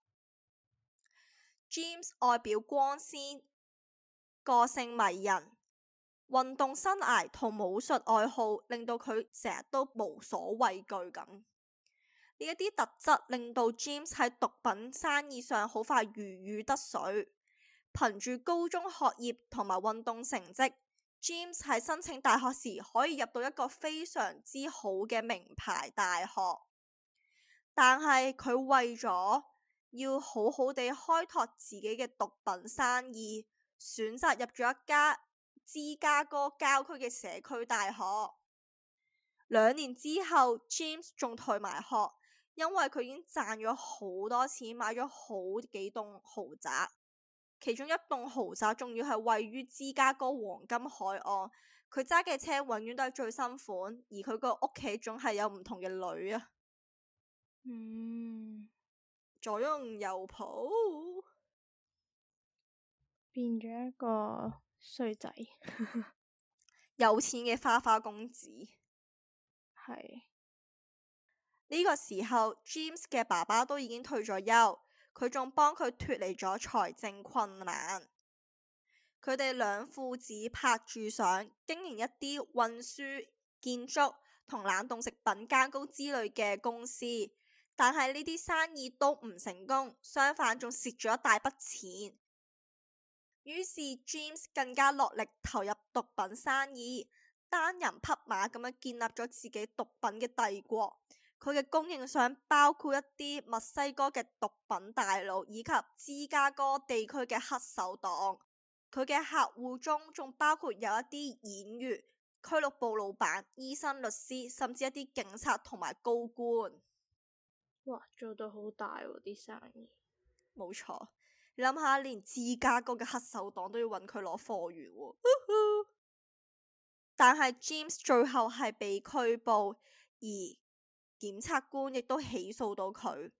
James 外表光鮮，個性迷人，運動生涯同武術愛好令到佢成日都無所畏懼咁。呢一啲特質令到 James 喺毒品生意上好快如魚得水。憑住高中學業同埋運動成績，James 喺申請大學時可以入到一個非常之好嘅名牌大學。但係佢為咗要好好地開拓自己嘅毒品生意，選擇入咗一家芝加哥郊區嘅社區大學。兩年之後，James 仲退埋學。因為佢已經賺咗好多錢，買咗好幾棟豪宅，其中一棟豪宅仲要係位於芝加哥黃金海岸。佢揸嘅車永遠都係最新款，而佢個屋企總係有唔同嘅女啊。嗯，左擁右抱，變咗一個衰仔， 有錢嘅花花公子，係。呢個時候，James 嘅爸爸都已經退咗休，佢仲幫佢脱離咗財政困難。佢哋兩父子拍住上經營一啲運輸、建築同冷凍食品加工之類嘅公司，但係呢啲生意都唔成功，相反仲蝕咗一大筆錢。於是 James 更加落力投入毒品生意，單人匹馬咁樣建立咗自己毒品嘅帝國。佢嘅供應商包括一啲墨西哥嘅毒品大佬，以及芝加哥地區嘅黑手黨。佢嘅客戶中仲包括有一啲演員、俱樂部老闆、醫生、律師，甚至一啲警察同埋高官。哇，做到好大喎，啊！啲生意冇錯，你諗下，連芝加哥嘅黑手黨都要揾佢攞貨源。 但係 James 最後係被拘捕而。檢察官亦都起訴到佢，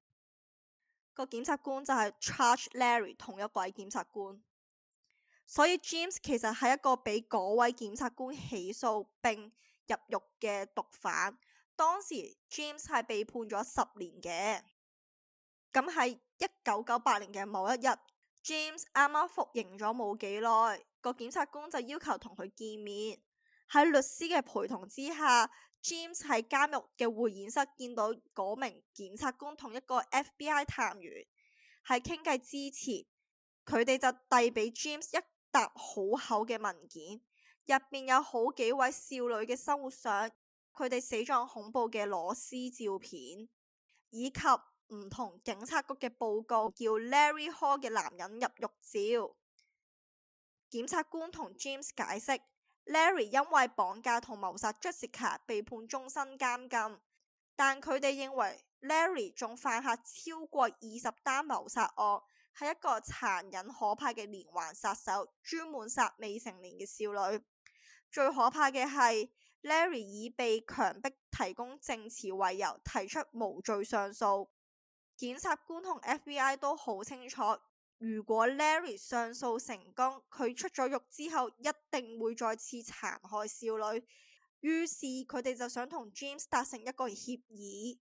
個檢察官就係 Charge Larry 同一位檢察官，所以 James 其實係一個俾嗰位檢察官起訴並入獄嘅毒犯。當時 James 係被判咗十年嘅，咁喺一九九八年嘅某一日，James 啱啱服刑咗冇幾耐，個檢察官就要求同佢見面，喺律師嘅陪同之下。James 喺監獄嘅會議室見到嗰名檢察官同一個 FBI 探員。喺傾偈之前，佢哋就遞俾 James 一沓好厚嘅文件，入邊有好幾位少女嘅生活相、佢哋死狀恐怖嘅裸屍照片，以及唔同警察局嘅報告，叫 Larry Hall 嘅男人入獄照。檢察官同 James 解釋。Larry 因為綁架同謀殺 Jessica 被判終身監禁，但佢哋認為 Larry 仲犯下超過二十單謀殺案，係一個殘忍可怕嘅連環殺手，專門殺未成年嘅少女。最可怕嘅係 Larry 以被強迫提供證詞為由提出無罪上訴，檢察官同 FBI 都好清楚。如果 Larry 上訴成功，佢出咗獄之後一定會再次殘害少女。於是佢哋就想同 James 達成一個協議，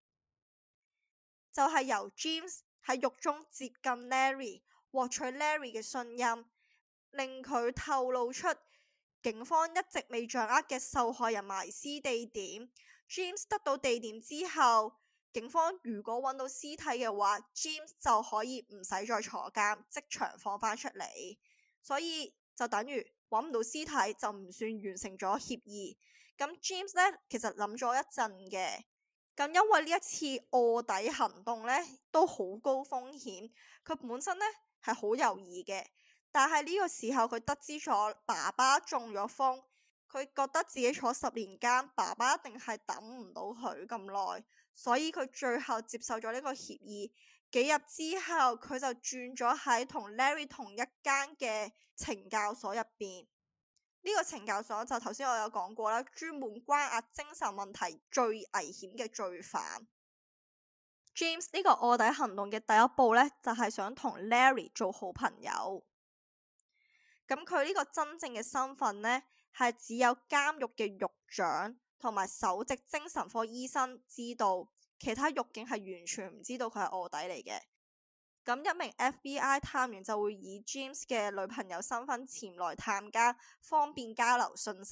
就係、是、由 James 喺獄中接近 Larry，獲取 Larry 嘅信任，令佢透露出警方一直未掌握嘅受害人埋屍地點。James 得到地點之後，警方如果揾到屍體嘅話，James 就可以唔使再坐監，即場放翻出嚟。所以就等於揾唔到屍體就唔算完成咗協議。咁 James 呢，其實諗咗一陣嘅，咁因為呢一次臥底行動呢都好高風險，佢本身呢係好猶豫嘅。但係呢個時候佢得知咗爸爸中咗風，佢覺得自己坐十年監，爸爸一定係等唔到佢咁耐。所以佢最後接受咗呢個協議，幾日之後佢就轉咗喺同 Larry 同一間嘅懲教所入邊。呢個懲教所就頭先我有講過啦，專門關押精神問題最危險嘅罪犯。James 呢個卧底行動嘅第一步呢，就係想同 Larry 做好朋友。咁佢呢個真正嘅身份呢，係只有監獄嘅獄長同埋首席精神科醫生知道，其他獄警係完全唔知道佢係臥底嚟嘅。咁一名 FBI 探員就會以 James 嘅女朋友身份前來探監，方便交流信息。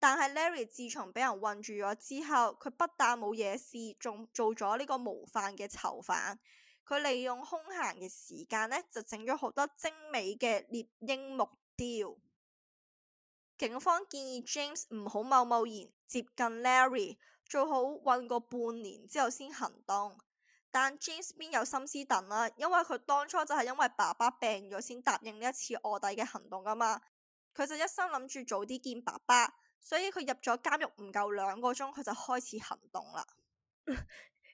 但係 Larry 自從俾人困住咗之後，佢不但冇嘢事，事，仲做咗呢個模範嘅囚犯。佢利用空閒嘅時間呢，就整咗好多精美嘅獵鷹木雕。警方建議 James 唔好貿貿然接近 Larry，最好混個半年之後先行動。但 James 邊有心思等啊？因為佢當初就係因為爸爸病咗先答應呢一次臥底嘅行動噶嘛，佢就一心諗住早啲見爸爸，所以佢入咗監獄唔夠兩個鐘，佢就開始行動啦。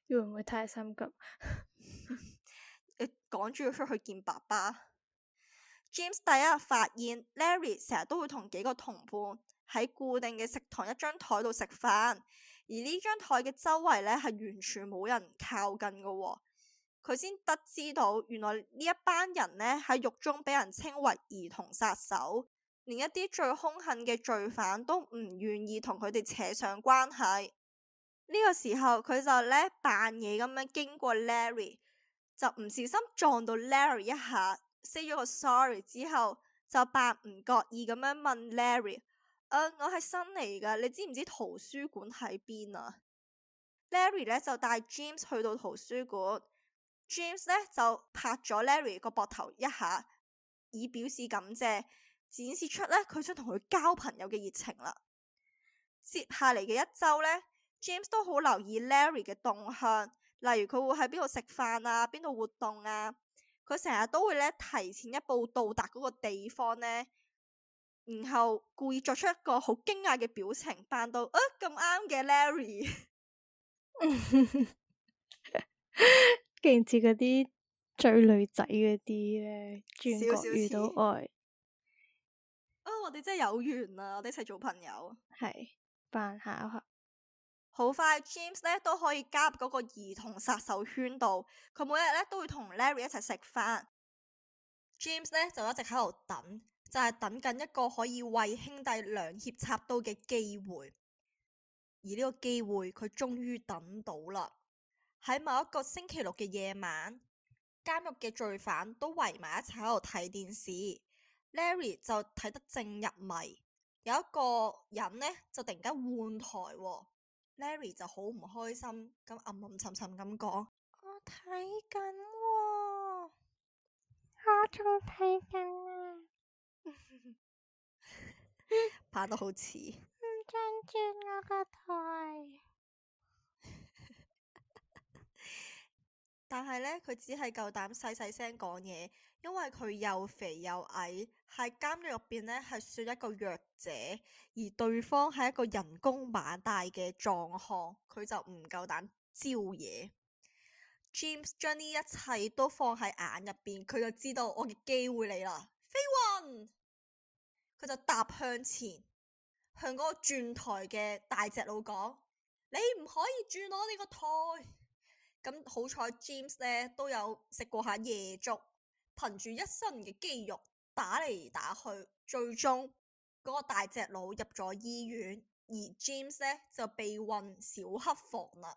會唔會太心急？ 你趕住要出去見爸爸？James 第一日發現 Larry 成日都會同幾個同伴喺固定嘅食堂一張台度食飯，而呢張台嘅周圍呢係完全冇人靠近噶。佢先得知到原來呢一班人呢喺獄中俾人稱為兒童殺手，連一啲最兇狠嘅罪犯都唔願意同佢哋扯上關係。呢個時候佢就呢扮嘢咁樣經過 Larry，就唔小心撞到 Larry 一下。Say 咗個 sorry 之後，就扮唔覺意咁樣問 Larry：誒，我係新嚟噶，你知唔知圖書館喺邊啊？Larry 呢就帶 James 去到圖書館，James 呢就拍咗 Larry 個膊頭一下，以表示感謝，展示出呢佢想同佢交朋友嘅熱情啦。接下嚟嘅一周呢，James 都好留意 Larry 嘅動向，例如佢會喺邊度食飯啊，邊度活動啊。佢成日都會咧提前一步到達嗰個地方咧，然後故意作出一個好驚訝嘅表情，扮到啊咁啱嘅 Larry，勁似嗰啲追女仔嗰啲咧，轉角遇到愛小小。啊！我哋真係有緣啊！我哋一齊做朋友。係，扮巧合。好快，James 咧都可以加入嗰個兒童殺手圈度。佢每日咧都會同 Larry 一齊食飯。James 咧就一直喺度等，就係等緊一個可以為兄弟兩肋插刀嘅機會。而呢個機會，佢終於等到啦。喺某一個星期六嘅夜晚，監獄嘅罪犯都圍埋一齊喺度睇電視。Larry 就睇得正入迷，有一個人呢，就突然間換台喎。Larry 就好唔開心，咁暗暗沉沉咁講。我睇緊、哦，我仲睇緊啊！拍 得好似，唔準轉我個台。但係呢，佢只係夠膽細細聲講嘢，因為佢又肥又矮，喺監獄入邊呢係算一個弱者，而對方係一個人高馬大嘅壯漢，佢就唔夠膽招惹。 James 將呢一切都放喺眼入邊，佢就知道我嘅機會嚟啦。飛雲，佢就踏向前，向嗰個轉台嘅大隻佬講：「你唔可以轉我呢個台。咁好彩，James 呢都有食過下夜粥，憑住一身嘅肌肉打嚟打去，最終嗰個大隻佬入咗醫院，而 James 呢就被運小黑房啦。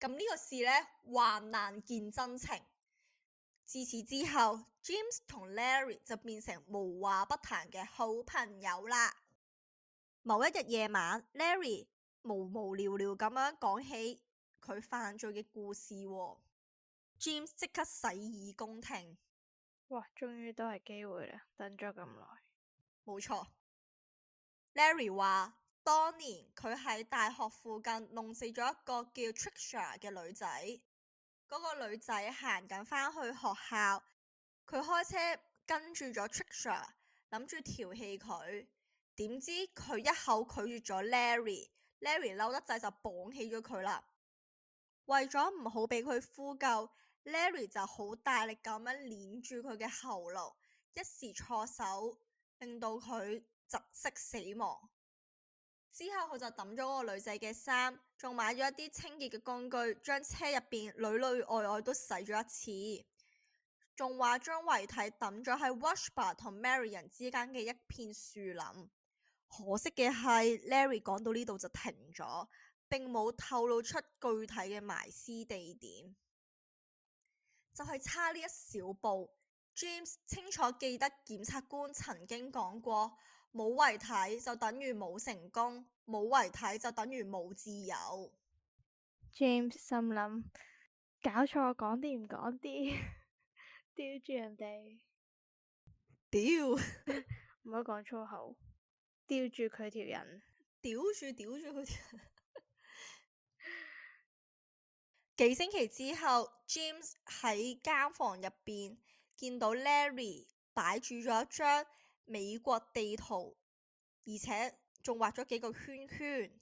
咁呢 個事呢，患難見真情。自此之後，James 同 Larry 就變成無話不談嘅好朋友啦。某一日夜晚，Larry 無無聊聊咁樣講起。佢犯罪嘅故事，哦，James 即刻洗耳恭聽。哇！終於都係機會啦，等咗咁耐，冇錯。Larry 話當年佢喺大學附近弄死咗一個叫 Tricia 嘅女仔。嗰、嗰個女仔行緊返去學校，佢開車跟住咗 Tricia，諗住調戲佢。點知佢一口拒絕咗 Larry，Larry 嬲得滯就綁起咗佢啦。為咗唔好俾佢呼救，Larry 就好大力咁樣捻住佢嘅喉嚨，一時錯手令到佢窒息死亡。之後佢就抌咗嗰個女仔嘅衫，仲買咗一啲清潔嘅工具，將車入邊裏裏外外都洗咗一次，仲話將遺體抌咗喺 Washbar 同 Marion 之間嘅一片樹林。可惜嘅係，Larry 講到呢度就停咗。並冇透露出具體嘅埋屍地點，就係差呢一小步。James 清楚記得，檢察官曾經講過：冇遺體就等於冇成功，冇遺體就等於冇自由。James 心諗：搞錯，講啲唔講啲，刁 住人哋，屌， 唔好講粗口，刁住佢條人，屌住屌住佢條。幾星期之後，James 喺間房入邊見到 Larry 擺住咗一張美國地圖，而且仲畫咗幾個圈圈。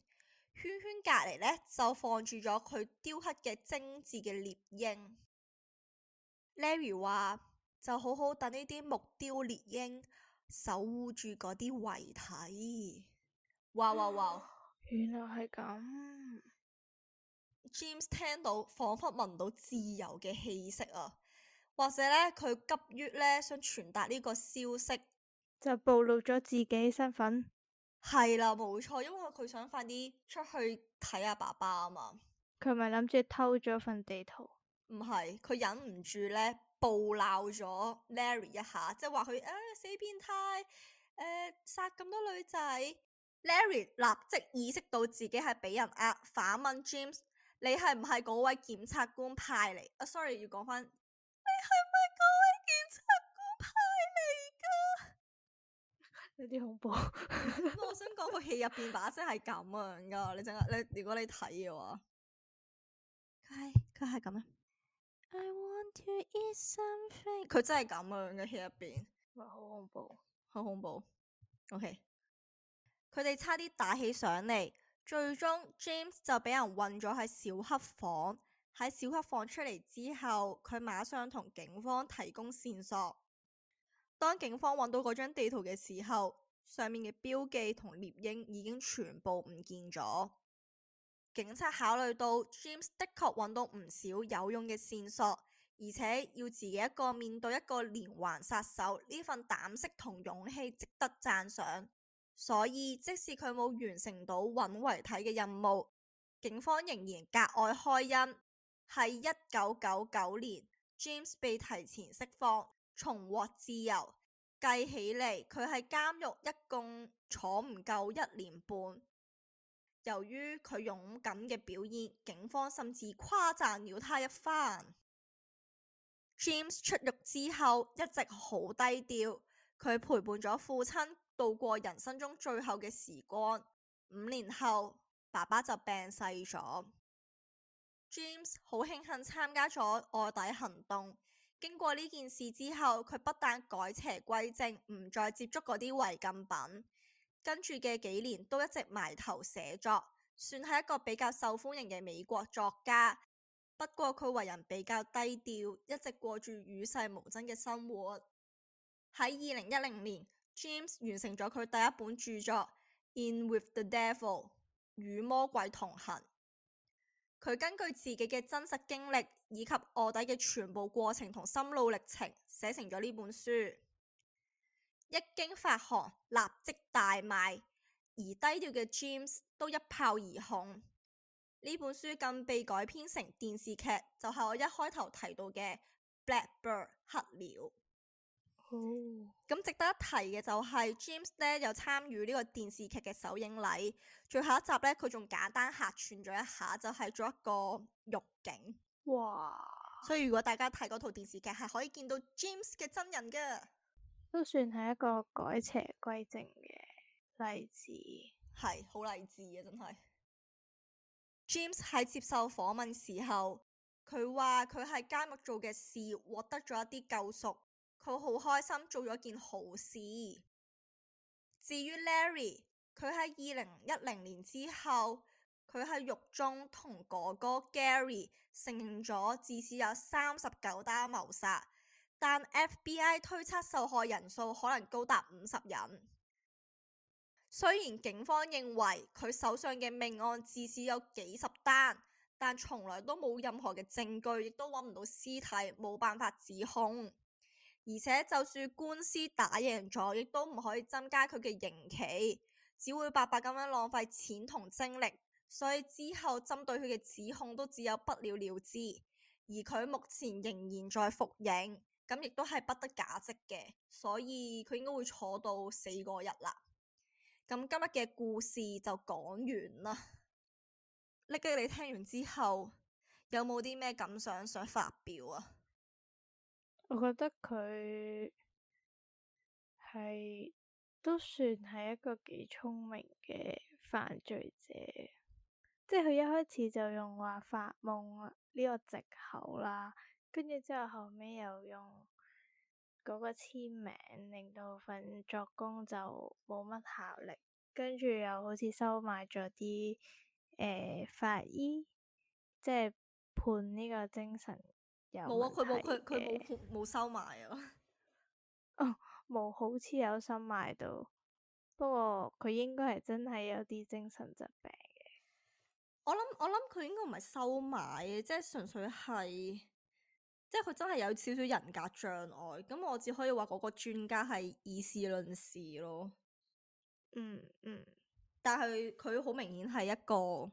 圈圈隔籬呢，就放住咗佢雕刻嘅精致嘅獵鷹。Larry 話就好好等呢啲木雕獵鷹守護住嗰啲遺體。哇哇哇！嗯，原來係咁。James 聽到，仿佛聞到自由嘅氣息啊！或者咧，佢急於咧想傳達呢個消息，就暴露咗自己身份。係啦，冇錯，因為佢想快啲出去睇下爸爸啊嘛。佢咪諗住偷咗份地圖？唔係，佢忍唔住咧暴鬧咗 Larry 一下，即係話佢誒死變態，誒殺咁多女仔。Larry 立即意識到自己係俾人呃，反問 James。你係唔係嗰位檢察官派嚟？啊、oh，sorry，要講翻。你係咪嗰位檢察官派嚟噶？有啲恐怖。我想講部戲入邊把聲係咁樣噶，你真係你如果你睇嘅話，佢係佢係咁樣。I want to eat something。佢真係咁樣嘅戲入邊，咪好恐怖，好恐怖。OK，佢哋差啲打起上嚟。最終，James 就俾人困咗喺小黑房。喺小黑房出嚟之後，佢馬上同警方提供線索。當警方揾到嗰張地圖嘅時候，上面嘅標記同獵鷹已經全部唔見咗。警察考慮到 James 的確揾到唔少有用嘅線索，而且要自己一個面對一個連環殺手，呢份膽識同勇氣值得讚賞。所以，即使佢冇完成到揾遺體嘅任務，警方仍然格外開恩。喺一九九九年，James 被提前釋放，重獲自由。計起嚟，佢喺監獄一共坐唔夠一年半。由於佢勇敢嘅表現，警方甚至誇讚了他一番。James 出獄之後一直好低調，佢陪伴咗父親。度過人生中最後嘅時光。五年後，爸爸就病逝咗。James 好慶幸參加咗臥底行動。經過呢件事之後，佢不但改邪歸正，唔再接觸嗰啲違禁品。跟住嘅幾年都一直埋頭寫作，算係一個比較受歡迎嘅美國作家。不過佢為人比較低調，一直過住與世無爭嘅生活。喺二零一零年，James 完成咗佢第一本著作《In with the Devil》與魔鬼同行。佢根據自己嘅真實經歷以及臥底嘅全部過程同心路歷程寫成咗呢本書。一經發行，立即大賣，而低調嘅 James 都一炮而紅。呢本書更被改編成電視劇，就係我一開頭提到嘅《Black Bird》黑鳥。哦，咁值得一提嘅就係 James 呢，又參與呢個電視劇嘅首映禮，最後一集呢，佢仲簡單客串咗一下，就係做一個獄警。哇！所以如果大家睇嗰套電視劇，係可以見到 James 嘅真人嘅，都算係一個改邪歸正嘅例子。係，好勵志啊！真係。James 喺接受訪問時候，佢話佢喺監獄做嘅事，獲得咗一啲救贖。佢好開心，做咗件好事。至於 Larry，佢喺二零一零年之後，佢喺獄中同哥哥 Gary 承認咗至少有三十九單謀殺，但 FBI 推測受害人數可能高達五十人。雖然警方認為佢手上嘅命案至少有幾十單，但從來都冇任何嘅證據，亦都揾唔到屍體，冇辦法指控。而且就算官司打贏咗，亦都唔可以增加佢嘅刑期，只會白白咁樣浪費錢同精力。所以之後針對佢嘅指控都只有不了了之，而佢目前仍然在服刑，咁亦都係不得假釋嘅。所以佢應該會坐到四個日啦。咁今日嘅故事就講完啦。呢基你聽完之後有冇啲咩感想想發表啊？我覺得佢係都算係一個幾聰明嘅犯罪者，即係佢一開始就用話發夢呢個藉口啦，跟住之後後尾又用嗰個簽名令到份作供就冇乜效力，跟住又好似收買咗啲誒法醫，即係判呢個精神。冇啊！佢冇佢佢冇冇收買啊！哦，冇好似有收買到，不過佢應該係真係有啲精神疾病嘅。我諗我諗佢應該唔係收買，即係純粹係，即係佢真係有少少人格障礙。咁我只可以話嗰個專家係以事論事咯。嗯嗯，嗯但係佢好明顯係一個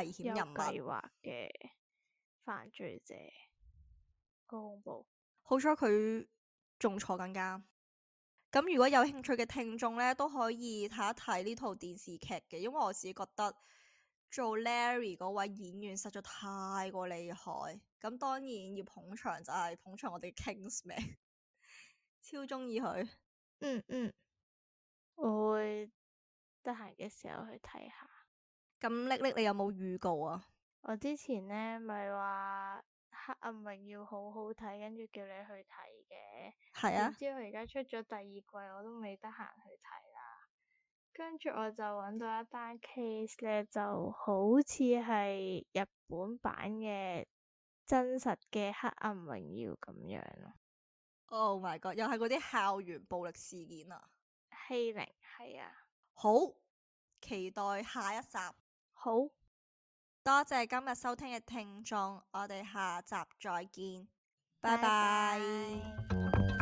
危險人物，有計劃嘅犯罪者。好恐怖！好彩佢仲坐緊監。咁如果有興趣嘅聽眾咧，都可以睇一睇呢套電視劇嘅，因為我自己覺得做 Larry 嗰位演員實在太過厲害。咁當然要捧場就係捧場我哋 Kingsman，超中意佢。嗯嗯，我會得閒嘅時候去睇下。咁叻叻，匿匿你有冇預告啊？我之前呢咪話。黑暗榮耀好好睇，跟住叫你去睇嘅。係啊。唔知我而家出咗第二季，我都未得閒去睇啦。跟住我就搵到一單 case 咧，就好似係日本版嘅真實嘅黑暗榮耀咁樣咯。Oh my god！又係嗰啲校園暴力事件啊！欺凌係啊，好期待下一集。好。多謝今日收聽嘅聽眾，我哋下集再見，拜拜 bye。Bye bye